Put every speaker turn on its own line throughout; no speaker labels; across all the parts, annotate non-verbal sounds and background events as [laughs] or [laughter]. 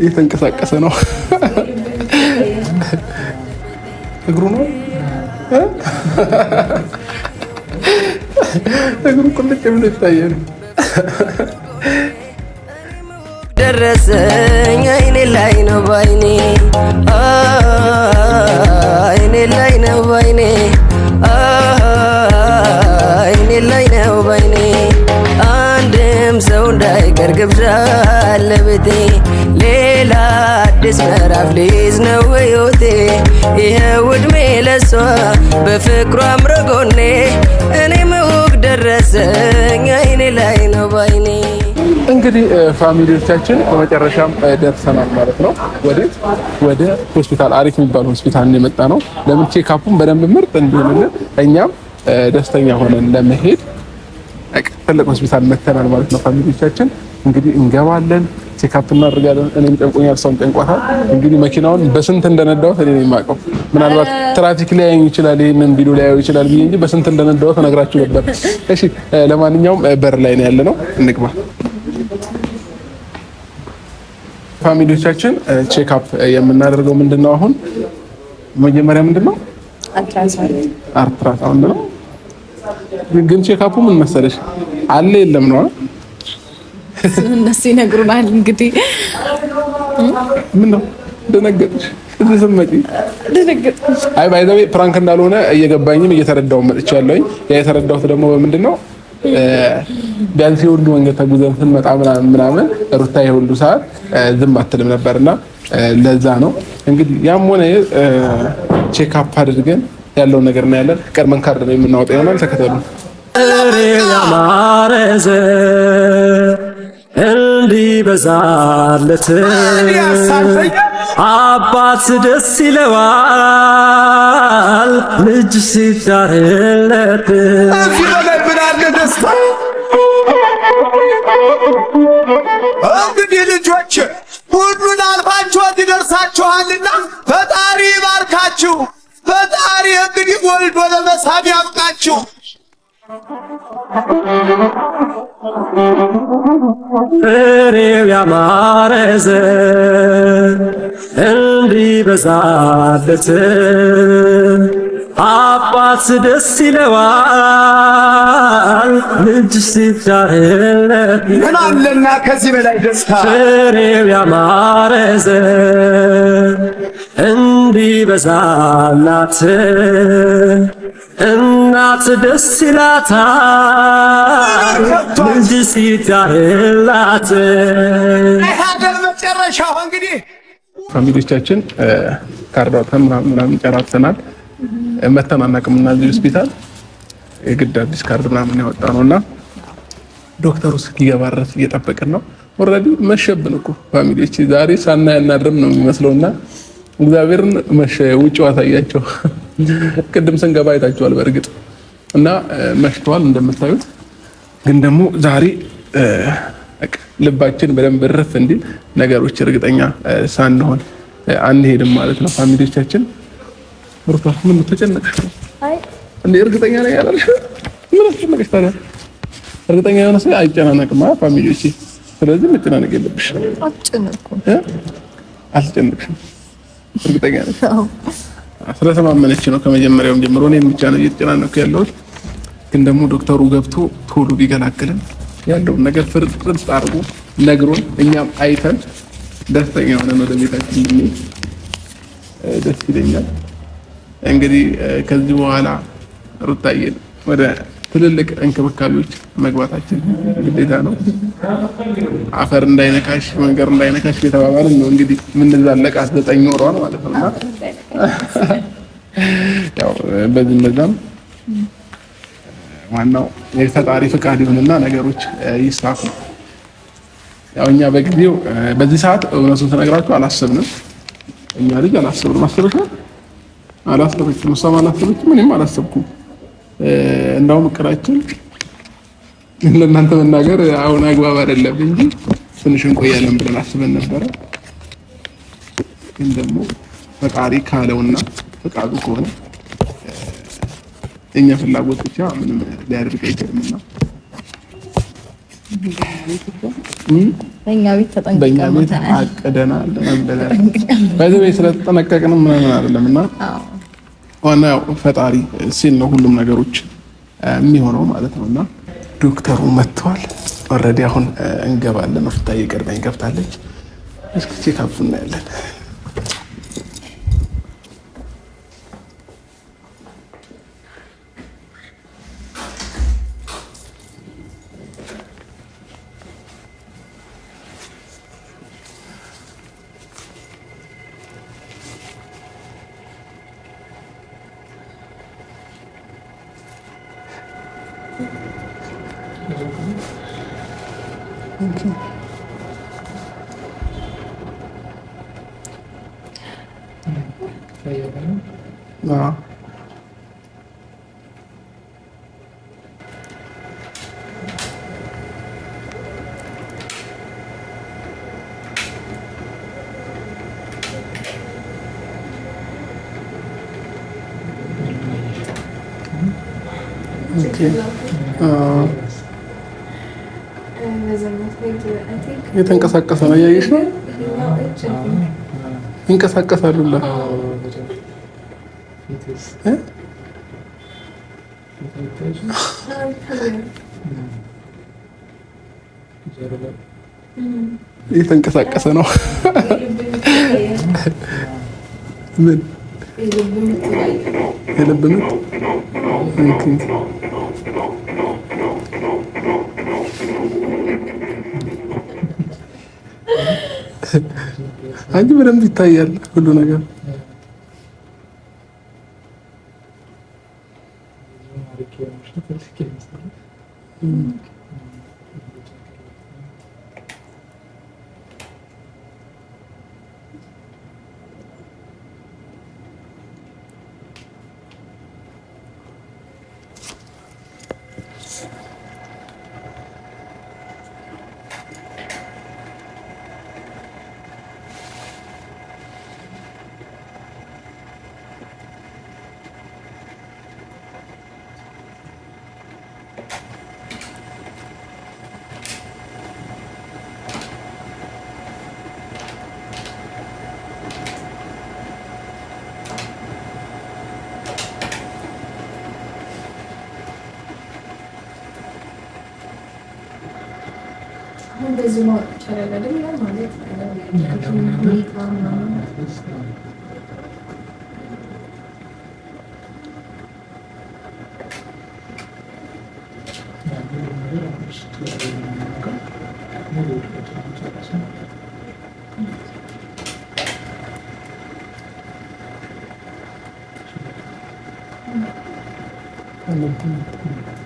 እየተንቀሳቀሰ ነው። እግሩ ነው እግሩ ቁልጭ ብሎ ይታያል። ደረሰኝ አይኔ ላይ ነው ባይኔ አይኔ ላይ ነው ባይኔ አይኔ ላይ ነው ባይኔ አንድም ሰው እንዳይቀር ግብዣ ለቤቴ ሌላ አዲስ ምዕራፍ ሊይዝ ነው ሕይወቴ ይኸው ዕድሜ ለሷ በፍቅሯ አምረጎኔ እኔም እውቅ ደረሰኝ አይኔ ላይ ነው ባይኔ። እንግዲህ ፋሚሊዎቻችን በመጨረሻም ደርሰናል ማለት ነው። ወዴት ወደ ሆስፒታል፣ አሪፍ የሚባል ሆስፒታል የመጣ ነው። ለምን ቼካፑን በደንብ ምርጥ እንዲሆንልን እኛም ደስተኛ ሆነን ለመሄድ ትልቅ ሆስፒታል መተናል ማለት ነው። ፋሚሊዎቻችን እንግዲህ እንገባለን ቼክአፕ እናደርጋለን። እኔም ጨንቆኛል፣ እሷም ጨንቋታል። እንግዲህ መኪናውን በስንት እንደነዳሁት እኔ የማውቀው ምናልባት ትራፊክ ሊያየኝ ይችላል፣ ይህንን ቪዲዮ ሊያየው ይችላል ብዬ እንጂ በስንት እንደነዳሁት እነግራችሁ ነበር። እሺ፣ ለማንኛውም በር ላይ ነው ያለ ነው፣ እንግባ። ፋሚሊዎቻችን ቼክአፕ የምናደርገው ምንድን ነው አሁን መጀመሪያ ምንድን ነው አርትራሳውንድ ነው። ግን ቼክአፑ ምን መሰለሽ አለ የለም ነው
እነሱ ይነግሩናል። እንግዲህ
ምን ነው ደነገጥሽ? ተሰማጭ አይ ባይ ዘ ወይ ፕራንክ እንዳልሆነ እየገባኝም እየተረዳው መጥቻለሁኝ። ያ የተረዳሁት ደግሞ በምንድን ነው ቢያንስ የሁሉ መንገድ ተጉዘን ስንመጣ ምናምን ሩታ የሁሉ ሰዓት ዝም አትልም ነበርና ለዛ ነው እንግዲህ ያም ሆነ ቼክ አፕ አድርገን ያለውን ነገር ነው ያለን። ቀድመን ካርድ ነው የምናወጣ ይሆናል። ተከተሉ
ያማረዘ ይበዛለት አባት ደስ ይለዋል ልጅ ሲዳርለት እንግዲህ ልጆች ሁሉን አልፋችኋት ይደርሳችኋልና ፈጣሪ ይባርካችሁ። ፈጣሪ እንግዲህ ወልዶ ለመሳብ ያብቃችሁ። ፍሬው ያማረ ዘር እንዲበዛለት አባት ደስ ይለዋል ልጅ ሲዳርለት። ምን አለና ከዚህ በላይ ደስታ! ፍሬው ያማረ ዘር እንዲበዛላት እናት ደስ ይላታል፣ ልጅ ሲታላት መጨረሻው እንግዲህ
ፋሚሊዎቻችን ካርድ አውጥተን ምናምን ጨራርሰናል። መተናነቅም እና እዚህ ሆስፒታል የግድ አዲስ ካርድ ምናምን ያወጣ ነው እና ዶክተሩ እስኪገባ ድረስ እየጠበቅን ነው። ኦልሬዲ መሸብን እኮ ፋሚሊዎች ዛሬ ሳናይ አናድርም ነው የሚመስለው እና እግዚአብሔርን መሸ ውጭ አሳያቸው። ቅድም ስንገባ አይታችኋል። በእርግጥ እና መሽቷል እንደምታዩት። ግን ደግሞ ዛሬ ልባችን በደንብ እርፍ እንዲል ነገሮች እርግጠኛ ሳንሆን አንሄድም ማለት ነው። ፋሚሊዎቻችን ሩታ ምን ተጨነቀሽ? እንዴ እርግጠኛ ነኝ ያላልሽ ምን ተጨነቀሽ ታዲያ? እርግጠኛ የሆነ ሰው አይጨናነቅም ፋሚሊዎቼ። ስለዚህ መጨናነቅ የለብሽ። አልጨነቅሽም። እርግጠኛ ነኝ ስለተማመነች ነው ከመጀመሪያውም ጀምሮ እኔን ብቻ ነው እየተጨናነኩ ያለሁት። ግን ደግሞ ዶክተሩ ገብቶ ቶሎ ቢገላግልን ያለውን ነገር ፍርጥርጥ አድርጎ ነግሮን እኛም አይተን ደስተኛ የሆነ ወደ ቤታችን ብንሄድ ደስ ይለኛል። እንግዲህ ከዚህ በኋላ ሩታዬን ወደ ትልልቅ እንክብካቤዎች መግባታችን ግዴታ ነው። አፈር እንዳይነካሽ መንገር እንዳይነካሽ የተባባልን ነው እንግዲህ የምንዛለቅ ዘጠኝ ኖሯል ማለት ነው። ያው በዚህም በዛም ዋናው የፈጣሪ ፍቃድ ይሁንና ነገሮች ይሳኩ። ያው እኛ በጊዜው በዚህ ሰዓት እውነቱን ተነግራችሁ አላሰብንም። እኛ ልጅ አላሰብንም። አሰበች አላሰበችም፣ እሷም አላሰበችም፣ እኔም አላሰብኩም። እንዳውም እቅዳችን ለእናንተ መናገር አሁን አግባብ አይደለም እንጂ ትንሽ እንቆያለን ብለን አስበን ነበረ። ግን ደግሞ ፈቃሪ ካለውና ፈቃዱ ከሆነ እኛ ፍላጎት ብቻ ምንም ሊያደርግ እና በእኛ ቤት ተጠንቀቀን አቅደናል። በዚህ ቤት ስለተጠነቀቅንም ምናምን አይደለም እና ዋና ፈጣሪ ሲል ነው ሁሉም ነገሮች የሚሆነው ማለት ነው። እና ዶክተሩ መጥተዋል። ኦልሬዲ አሁን እንገባለን። ፍታ እየቀድመኝ ገብታለች። እስኪ ቼክ አፕ እናያለን። thank you የተንቀሳቀሰ ነው። እያየሽ ነው፣ ይንቀሳቀሳሉላ። የተንቀሳቀሰ ነው። ምን የልብ ምት አንቺ በደንብ ይታያል ሁሉ ነገር። እንደዚህ ማወቅ ይቻላል አይደል? ማለት ሁኔታ ምናምን Thank you.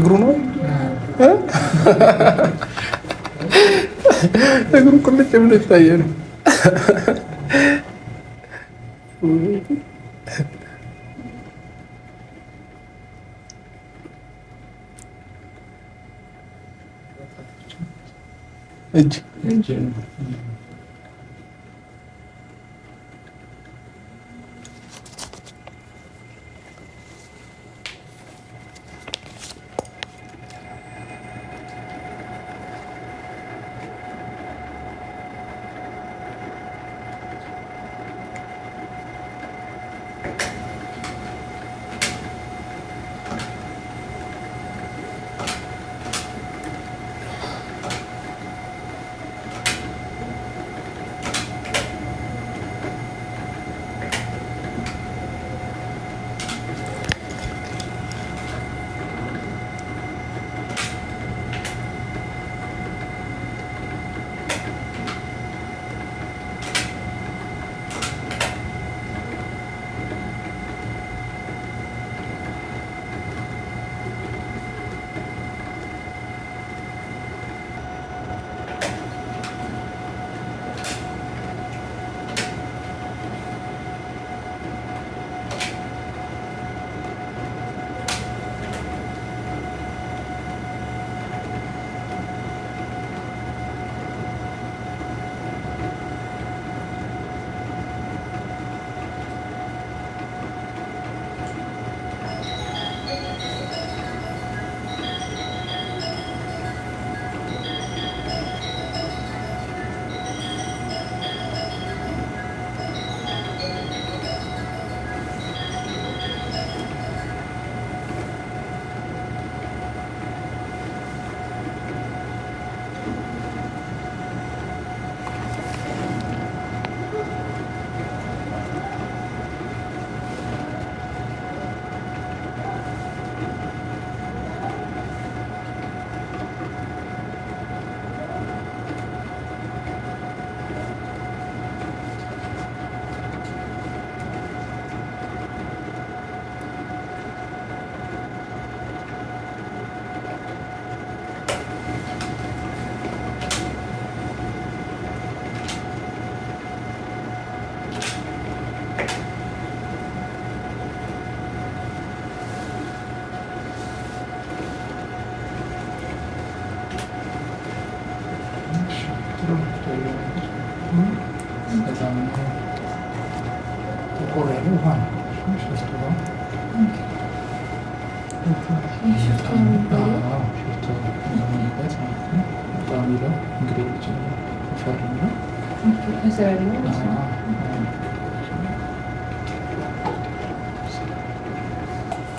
እግሩ ነው እግሩ ቁልጭ ብሎ ይታየ ነው። እጅ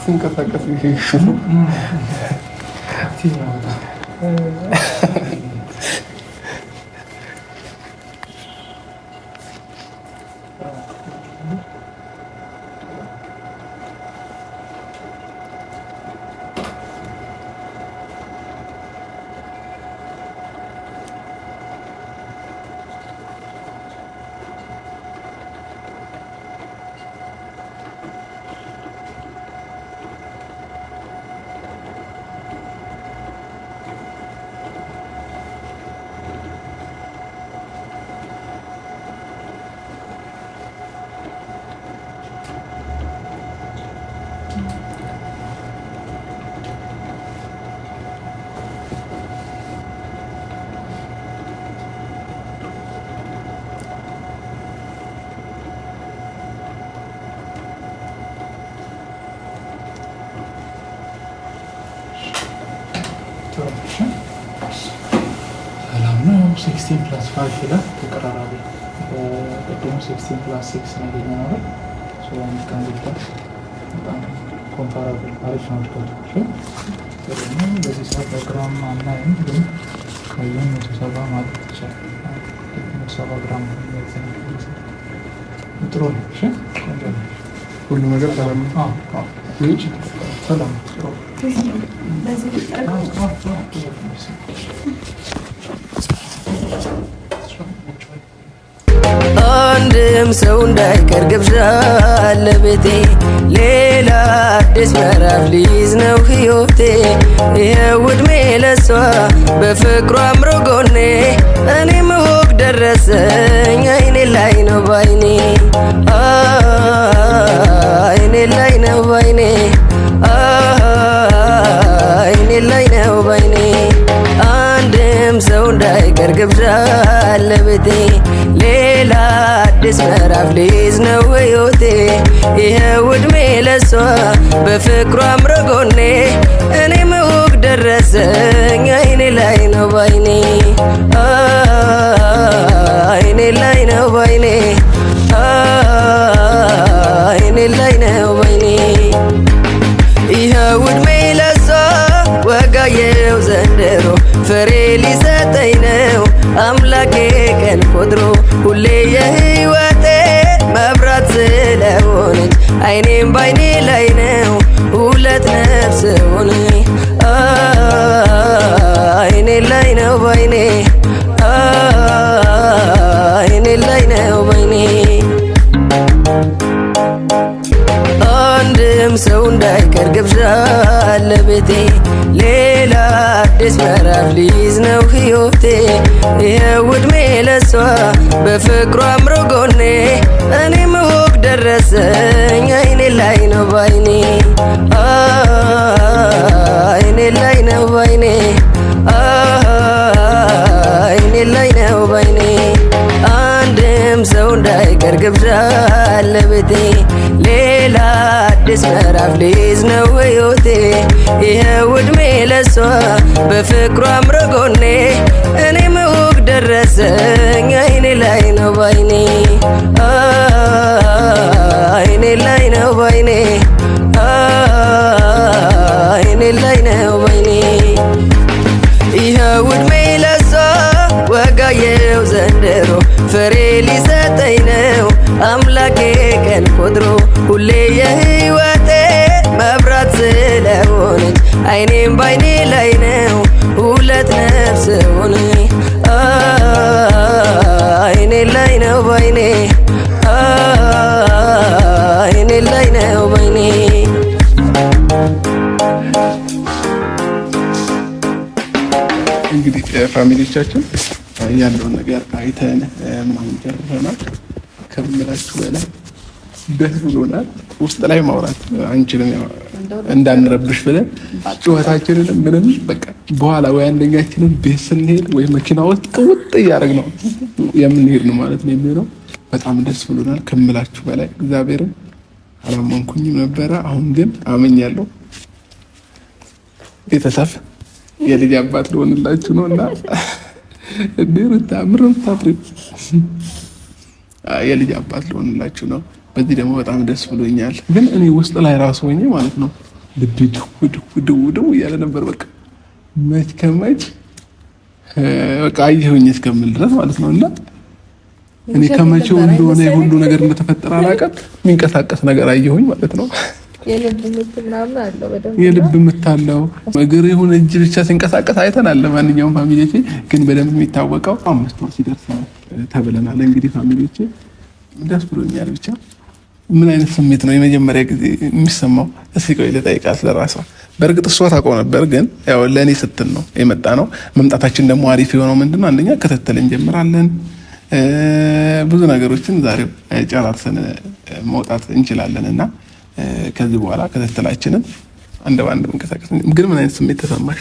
ሲንቀሳቀስ ስፓቹላ ተቀራራቢ ቅድም ሲክስቲን ፕላስ ሲክስ ነው ያገኘ ነው ስለሚቀን ጉዳይ በጣም ኮምፓራብል አሪፍ ነው። ድጋቶች ደግሞ በዚህ ሰዓት በግራም አናይም፣ ግን ከዚህም መቶ ሰባ ማለት ይቻላል። መቶ ሰባ ግራም ጥሩ ነው። እሺ ሁሉ ነገር ሰላም ሰላም
ማንም ሰው እንዳይቀር ግብዣ ለቤቴ ሌላ አዲስ ምዕራፍ ሊይዝ ነው ሕይወቴ ይኸው ዕድሜ ለሷ በፍቅሯ አምሮ ጎኔ እኔም እወቅ ደረሰኝ አይኔ ላይ ነው ባይኔ አይኔ ላይ ነው ባይኔ አይኔ ላይ ነው ባይኔ አንድም ሰው እንዳይቀር ግብዣ ለቤቴ ምዕራፍ ሊይዝ ነው ሕይወቴ ይኸው ዕድሜ ለሷ በፍቅሯ አምረጎኔ እኔ እውቅ ደረሰኝ አይኔ ላይ ነው ባይኔ አይኔ ላይ ነው ባይኔ አይኔ ላይ ነው ባይኔ ለሷ ወጋየው ዘንድሮ ፍሬ ሊሰጠኝ ነው አምላኬ ቀን ቆጥሮ ሁሌ አይኔም ባይኔ ላይ ነው ሁለት ነፍስ ሆነ አይኔ ላይ ነው ባይኔ አይኔ ላይ ነው ባይኔ አንድም ሰው እንዳይቀር ግብዣ ለቤቴ ሌላ አዲስ ምዕራፍ ሊይዝ ነው ሕይወቴ ይኸው ዕድሜ ለሷ በፍቅሯ አምሮ ጎኔ እኔ እወቅ ደረሰኝ ባይኔ አይኔ ላይ ነው ባይኔ አይኔ ላይ ነው ባይኔ አንድም ሰው እንዳይቀር ግብዣ ለቤቴ ሌላ አዲስ ምዕራፍ ሊይዝ ነው ህይወቴ ይኸው ለሷ በፍቅሯ አምረጎኔ እኔም እውቅ ደረሰኝ አይኔ ላይ ነው ባይኔ አይኔ ላይ ነው ባይኔ አየው ዘንድሮ ፍሬ ሊሰጠኝ ነው አምላኬ ቀን ቆጥሮ ሁሌ የህይወቴ መብራት ስለሆነች አይኔም ባይኔ ላይ ነው ሁለት ነፍስ ሆነ አይኔ ላይ ነው ባይኔ አይኔ ላይ ነው ባይኔ
እንግዲህ ፋሚሊዎቻችን ያለውን ነገር አይተን ምናምን ጀርበናል። ከምላችሁ በላይ ደስ ብሎናል። ውስጥ ላይ ማውራት አንችልም፣ እንዳንረብሽ ብለን ጩኸታችንንም ምንም በቃ በኋላ ወይ አንደኛችንን ቤት ስንሄድ ወይ መኪና ውስጥ ውጥ እያደረግ ነው የምንሄድ ነው ማለት ነው የሚሆነው። በጣም ደስ ብሎናል ከምላችሁ በላይ እግዚአብሔርን አላመንኩኝም ነበረ። አሁን ግን አመኛለሁ። ቤተሰብ የልጅ አባት ሊሆንላችሁ ነው እና ምር ምታፍሪ የልጅ አባት ልሆንላችሁ ነው። በዚህ ደግሞ በጣም ደስ ብሎኛል። ግን እኔ ውስጥ ላይ ራሱ ሆኜ ማለት ነው ልብ ድው ድው እያለ ነበር። በቃ መች ከመች በቃ አየሁኝ እስከምል ድረስ ማለት ነው እና እኔ ከመቼው እንደሆነ የሁሉ ነገር እንደተፈጠረ አላውቅም። የሚንቀሳቀስ ነገር አየሁኝ ማለት ነው። የልብ ምታለው እግር ይሁን እጅ ብቻ ሲንቀሳቀስ አይተናል። ለማንኛውም ፋሚሊዎች ግን በደንብ የሚታወቀው አምስት ወር ሲደርስ ተብለናል። እንግዲህ ፋሚሊዎች ደስ ብሎኛል። ብቻ ምን አይነት ስሜት ነው የመጀመሪያ ጊዜ የሚሰማው? እስኪ ቆይ ልጠይቃት ለራሷ። በእርግጥ እሷ ታውቀው ነበር፣ ግን ያው ለእኔ ስትል ነው የመጣ ነው። መምጣታችን ደግሞ አሪፍ የሆነው ምንድነው አንደኛ ክትትል እንጀምራለን ብዙ ነገሮችን ዛሬ ጨራርሰን መውጣት እንችላለን እና ከዚህ በኋላ ክትትላችንን አንድ በአንድ መንቀሳቀስ። ግን ምን አይነት ስሜት ተሰማሽ?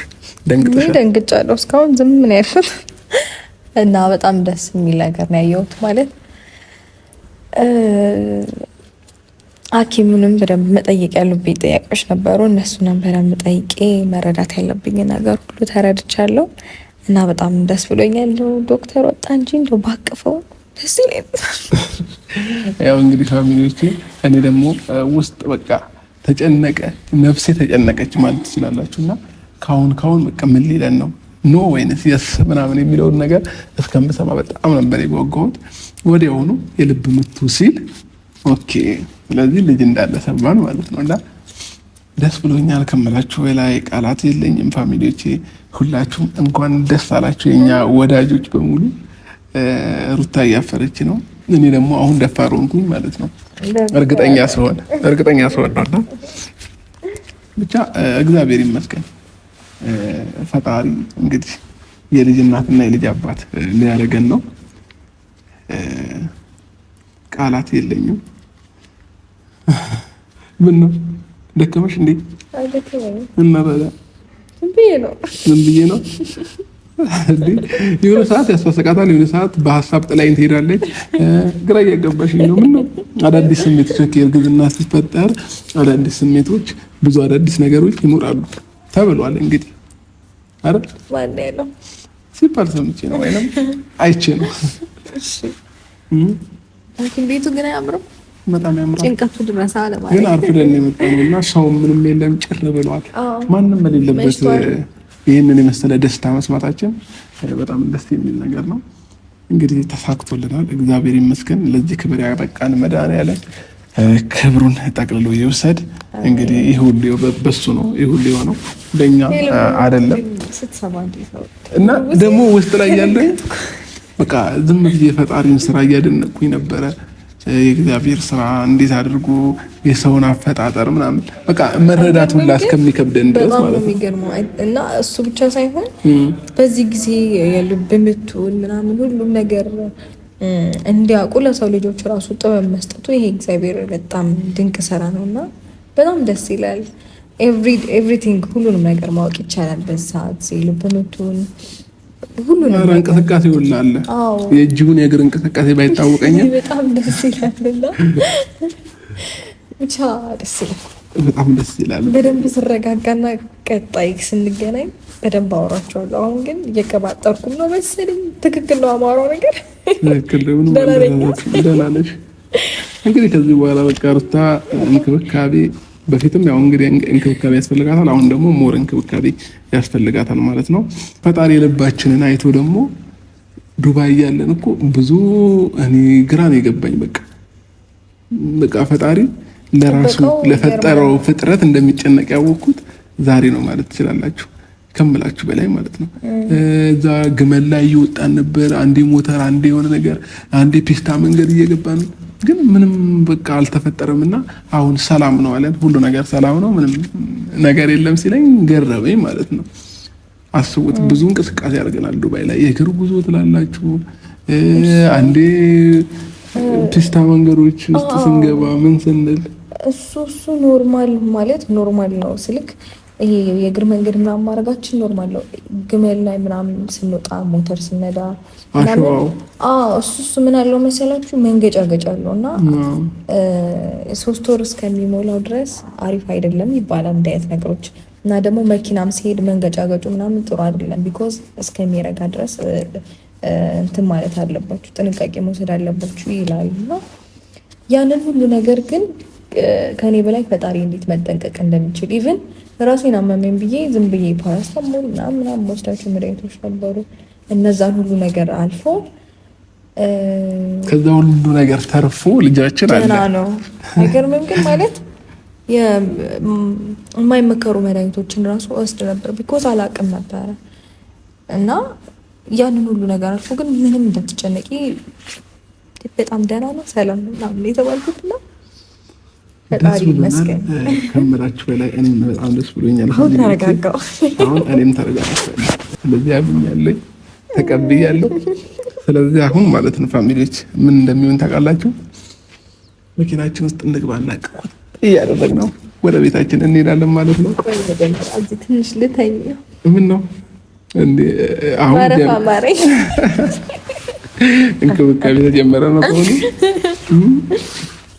ደንግጠሽ?
ደንግጫለሁ። እስካሁን ዝም ምን ያልኩት እና በጣም ደስ የሚል ነገር ነው ያየሁት። ማለት ሐኪሙንም በደንብ መጠየቅ ያሉብኝ ጥያቄዎች ነበሩ። እነሱንም በደንብ ጠይቄ መረዳት ያለብኝ ነገር ሁሉ ተረድቻለሁ እና በጣም ደስ ብሎኛል። ዶክተር ወጣ እንጂ እንደው ባቅፈው
ያው እንግዲህ ፋሚሊዎቼ እኔ ደግሞ ውስጥ በቃ ተጨነቀ ነፍሴ ተጨነቀች ማለት ትችላላችሁ። እና ካሁን ካሁን በቃ ምን ሊለን ነው ኖ ወይንስ የስ ምናምን የሚለውን ነገር እስከምሰማ በጣም ነበር የጓጓሁት። ወዲያውኑ የልብ ምቱ ሲል ኦኬ፣ ስለዚህ ልጅ እንዳለ ሰማን ማለት ነው እና ደስ ብሎኛል ከምላችሁ በላይ ቃላት የለኝም። ፋሚሊዎቼ ሁላችሁም እንኳን ደስ አላችሁ የኛ ወዳጆች በሙሉ ሩታ እያፈረች ነው። እኔ ደግሞ አሁን ደፋር ሆንኩኝ ማለት ነው። እርግጠኛ ስለሆነ እርግጠኛ ስለሆነ እና ብቻ እግዚአብሔር ይመስገን ፈጣሪ እንግዲህ የልጅ እናትና የልጅ አባት ሊያደርገን ነው። ቃላት የለኝም። ምን ነው ደከመሽ እንዴ? እና
ዝም
ብዬ ነው የሆነ ሰዓት ያስፈሰቃታል፣ የሆነ ሰዓት በሀሳብ ጥላይን ትሄዳለች። ግራ እያገባሽኝ ነው። ነው አዳዲስ ስሜቶች እርግዝና ሲፈጠር አዳዲስ ስሜቶች፣ ብዙ አዳዲስ ነገሮች ይኖራሉ ተብሏል። እንግዲህ
አይደል
ሲባል ሰምቼ ነው ወይንም አይቼ ነው።
ቤቱ ግን አያምርም፣ በጣም ያምራል። ጭንቀቱ ድረሳ ለማለት
ግን አርፍደን የመጣ እና ሰው ምንም የለም ጭር ብሏል፣ ማንም የሌለበት ይህንን የመሰለ ደስታ መስማታችን በጣም ደስ የሚል ነገር ነው። እንግዲህ ተሳክቶልናል፣ እግዚአብሔር ይመስገን። ለዚህ ክብር ያበቃን ያለ ክብሩን ጠቅልሎ ይውሰድ። እንግዲህ ይህ ሁሉ በሱ ነው፣ ይህ ሁሉ የሆነው በእኛ አይደለም። እና ደግሞ ውስጥ ላይ ያለ በቃ ዝም ብዬ የፈጣሪን ስራ እያደነቅኩኝ ነበረ የእግዚአብሔር ስራ እንዴት አድርጎ የሰውን አፈጣጠር ምናምን በቃ መረዳት ሁላ እስከሚከብደን
ድረስ ማለት ነው። እና እሱ ብቻ ሳይሆን በዚህ ጊዜ የልብ ምቱን ምናምን ሁሉም ነገር እንዲያውቁ ለሰው ልጆች ራሱ ጥበብ መስጠቱ ይሄ እግዚአብሔር በጣም ድንቅ ስራ ነው እና በጣም ደስ ይላል። ኤቭሪቲንግ ሁሉንም ነገር ማወቅ ይቻላል በዚህ ሰዓት ልብ ምቱን
ሁሉንም እንቅስቃሴ ሁሉ አለ። የእግር እንቅስቃሴ
ባይታወቀኝም በጣም ደስ ይላል። በደንብ ስረጋጋና ቀጣይ ስንገናኝ በደንብ አወራቸዋለሁ። አሁን ግን እየቀባጠርኩም ነው መሰለኝ። ትክክል ነው አማራው ነገር
ደህና ነሽ። እንግዲህ ከዚህ በኋላ በቃ ሩታ እንክብካቤ በፊትም ያው እንግዲህ እንክብካቤ ያስፈልጋታል። አሁን ደግሞ ሞር እንክብካቤ ያስፈልጋታል ማለት ነው። ፈጣሪ የልባችንን አይቶ ደግሞ ዱባይ ያለን እኮ ብዙ እኔ ግራን የገባኝ። በቃ በቃ ፈጣሪ ለራሱ ለፈጠረው ፍጥረት እንደሚጨነቅ ያወቅኩት ዛሬ ነው ማለት ትችላላችሁ፣ ከምላችሁ በላይ ማለት ነው። እዛ ግመል ላይ እየወጣን ነበር። አንዴ ሞተር፣ አንዴ የሆነ ነገር፣ አንዴ ፒስታ መንገድ እየገባን ግን ምንም በቃ አልተፈጠረም እና አሁን ሰላም ነው አለን። ሁሉ ነገር ሰላም ነው፣ ምንም ነገር የለም ሲለኝ ገረበኝ ማለት ነው። አስቡት፣ ብዙ እንቅስቃሴ አድርገናል ዱባይ ላይ። የእግር ጉዞ ትላላችሁ፣ አንዴ ፒስታ መንገዶች ውስጥ ስንገባ ምን ስንል
እሱ እሱ ኖርማል ማለት ኖርማል ነው ስልክ ይሄ የእግር መንገድ ምናምን ማድረጋችን ኖርማል ነው። ግመል ላይ ምናምን ስንወጣ ሞተር ስነዳ እሱ እሱ ምን አለው መሰላችሁ ገጫ አለው እና ሶስት ወር እስከሚሞላው ድረስ አሪፍ አይደለም ይባላል እንዲህ ነገሮች እና ደግሞ መኪናም ሲሄድ መንገጫ ገጩ ምናምን ጥሩ አይደለም። ቢኮዝ እስከሚረጋ ድረስ እንትን ማለት አለባችሁ፣ ጥንቃቄ መውሰድ አለባችሁ ይላሉ እና ያንን ሁሉ ነገር ግን ከኔ በላይ ፈጣሪ እንዴት መጠንቀቅ እንደሚችል ኢቭን ራሴን አመመኝ ብዬ ዝም ብዬ ፓራስታሞል ምናምን ወስዳቸው መድኃኒቶች ነበሩ። እነዛን ሁሉ ነገር አልፎ
ከዛ ሁሉ ነገር ተርፎ ልጃችን አለ ነው።
አይገርምም? ግን ማለት የማይመከሩ መድኃኒቶችን ራሱ ወስድ ነበር ቢኮዝ አላቅም ነበረ እና ያንን ሁሉ ነገር አልፎ ግን ምንም እንደምትጨነቂ በጣም ደህና ነው፣ ሰላም ነው ምናምን የተባልኩት ነው
ደስ ብሎናል ከምራችሁ በላይ እኔም በጣም ደስ ብሎኛል።
አሁን ተረጋጋሁ።
አሁን እኔም ተረጋጋሁ። ስለዚህ አምኛለሁ፣ ተቀብያለሁ። ስለዚህ አሁን ማለት ነው ፋሚሊዎች ምን እንደሚሆን ታውቃላችሁ። መኪናችን ውስጥ እንግባ እናቅቁት እያደረግ ነው። ወደ ቤታችን እንሄዳለን ማለት ነው።
ትንሽ ልተኝ ምን ነው እንክብካቤ
ተጀመረ ነው ከሆኑ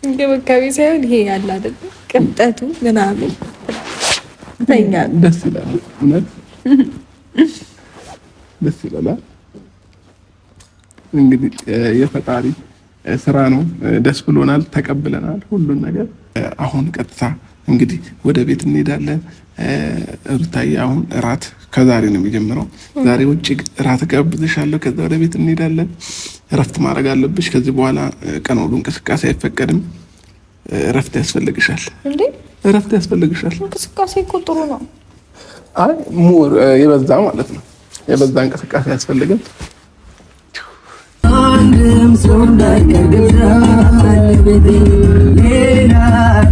እንክብካቤ ሳይሆን ይሄ ያለ አይደል ቅብጠቱ ምናምን ተኛ
ደስ ይላል። እውነት ደስ ይላል። እንግዲህ የፈጣሪ ስራ ነው። ደስ ብሎናል፣ ተቀብለናል ሁሉን ነገር። አሁን ቀጥታ እንግዲህ ወደ ቤት እንሄዳለን። ሩታዬ አሁን እራት ከዛሬ ነው የሚጀምረው። ዛሬ ውጭ እራት ጋብዝሻለሁ። ከዛ ወደ ቤት እንሄዳለን። እረፍት ማድረግ አለብሽ። ከዚህ በኋላ ቀን ሁሉ እንቅስቃሴ አይፈቀድም። እረፍት ያስፈልግሻል። እረፍት ያስፈልግሻል።
እንቅስቃሴ እኮ ጥሩ ነው።
አይ የበዛ ማለት ነው የበዛ እንቅስቃሴ ያስፈልግም። አንድም ሰው እንዳይቀር ሌላ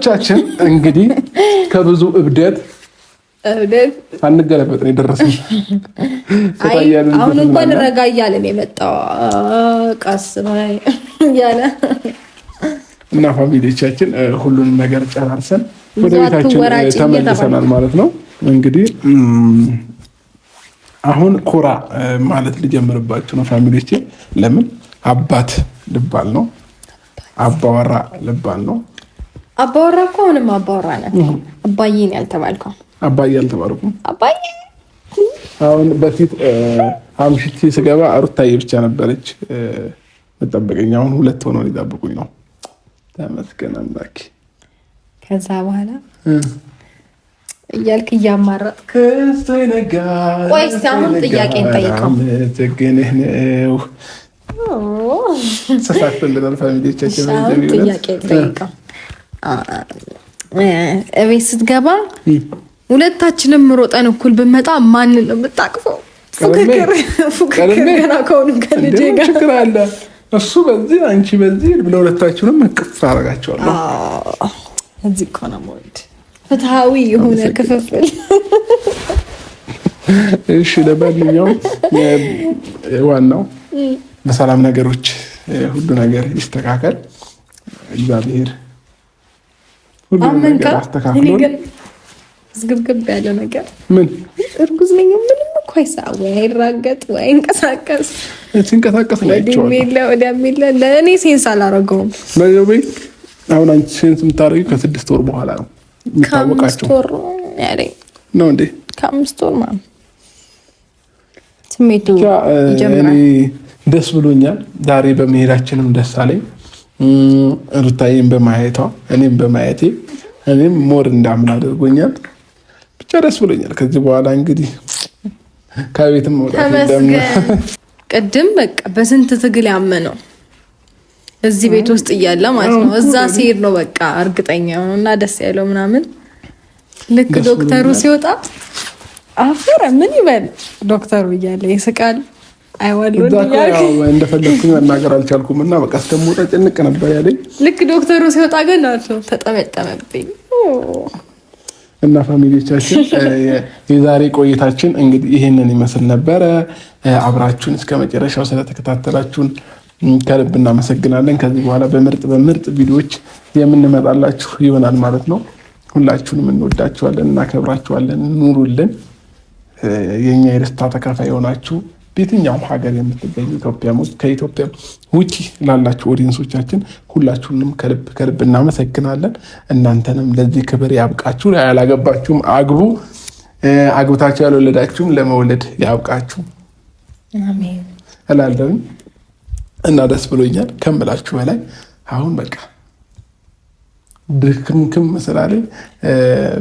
ብዙዎቻችን እንግዲህ ከብዙ እብደት አንገለበጥ ነው የደረስነው።
አሁን እንኳን ረጋ እያለን ነው የመጣው። ቀስ እያለ
እና ፋሚሊዎቻችን ሁሉንም ነገር ጨራርሰን ወደ ቤታችን ተመልሰናል ማለት ነው። እንግዲህ አሁን ኩራ ማለት ልጀምርባችሁ ነው ፋሚሊዎቼ። ለምን አባት ልባል ነው፣ አባወራ ልባል ነው
አባወራ እኮ አሁንም አባወራ ናት። አባዬ ነው ያልተባልከው።
አባዬ አልተባልኩም። አባዬ አሁን በፊት አምሽቼ ስገባ ሩታዬ ብቻ ነበረች መጠበቀኝ። አሁን ሁለት ሆነው ሊጠብቁኝ ነው። ተመስገን አምላክ።
ከዛ በኋላ እያልክ እያማረጥክ ቆይስ። አሁን ጥያቄ እንጠይቀው
ነው ጥያቄ
እቤት ስትገባ ሁለታችንም ሮጠን እኩል ብንመጣ ማንን ነው የምታቅፈው? ፉክክር ፉክክር ገና ከሆኑ
ከልጄ ጋር አለ እሱ በዚህ አንቺ በዚህ ብለ ሁለታችሁንም እቅፍ አደርጋቸዋለሁ።
እዚህ እኮ ነው መወድ ፍትሐዊ የሆነ ክፍፍል።
እሺ ለማንኛውም ዋናው በሰላም ነገሮች ሁሉ ነገር ይስተካከል እግዚአብሔር
ዝግብግብ ያለ ነገር ምን እርጉዝ ነኝ። ምንም እኮ አይሳብ ወይ አይራገጥ ወይ አይንቀሳቀስ ሲንቀሳቀስ ለእኔ ሴንስ አላረገውም።
አሁን አንቺ ሴንስ የምታደርጊው ከስድስት ወር በኋላ ነው። ነው እንዴ?
ከአምስት ወር ስሜቱ
ደስ ብሎኛል ዛሬ በመሄዳችንም ደስ አለኝ። ሩታዬን በማየቷ እኔም በማየቴ እኔም ሞር እንዳምን አድርጎኛል። ብቻ ደስ ብሎኛል። ከዚህ በኋላ እንግዲህ ከቤትም
መውጣት [laughs] ቅድም በቃ በስንት ትግል ያመነው እዚህ ቤት ውስጥ እያለ ማለት ነው። እዛ ሲሄድ ነው በቃ እርግጠኛ ነው እና ደስ ያለው ምናምን። ልክ ዶክተሩ ሲወጣ አፈረ ምን ይበል ዶክተሩ እያለ ይስቃል።
እንደፈለግኩ መናገር አልቻልኩም እና በቃ ስተሞጣ ጭንቅ ነበር ያለኝ።
ልክ ዶክተሩ ሲወጣ ግን ናቸው ተጠመጠመብኝ።
እና ፋሚሊዎቻችን [laughs] የዛሬ ቆይታችን እንግዲህ ይህንን ይመስል ነበረ። አብራችሁን እስከ መጨረሻው ስለተከታተላችሁን ከልብ እናመሰግናለን። ከዚህ በኋላ በምርጥ በምርጥ ቪዲዮዎች የምንመጣላችሁ ይሆናል ማለት ነው። ሁላችሁንም እንወዳችኋለን፣ እናከብራችኋለን። ኑሩልን። የኛ የደስታ ተካፋይ የሆናችሁ የትኛውም ሀገር የምትገኙ ኢትዮጵያ ውስጥ ከኢትዮጵያ ውጭ ላላችሁ ኦዲየንሶቻችን ሁላችሁንም ከልብ ከልብ እናመሰግናለን። እናንተንም ለዚህ ክብር ያብቃችሁ። ያላገባችሁም አግቡ፣ አግብታችሁ ያልወለዳችሁም ለመውለድ ያብቃችሁ እላለሁኝ እና ደስ ብሎኛል ከምላችሁ በላይ አሁን በቃ ድክምክም ስላለኝ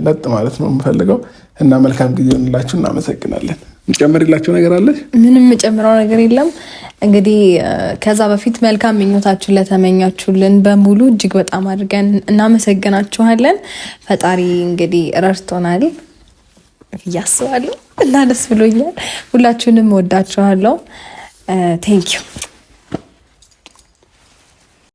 ለጥ ማለት ነው የምፈልገው እና መልካም ጊዜ ሆንላችሁ። እናመሰግናለን። የምጨምርላቸው ነገር አለ?
ምንም የምጨምረው ነገር የለም። እንግዲህ ከዛ በፊት መልካም ምኞታችሁን ለተመኛችሁልን በሙሉ እጅግ በጣም አድርገን እናመሰግናችኋለን። ፈጣሪ እንግዲህ ረድቶናል እያስባለሁ እና ደስ ብሎኛል። ሁላችሁንም ወዳችኋለሁ። ቴንኪዩ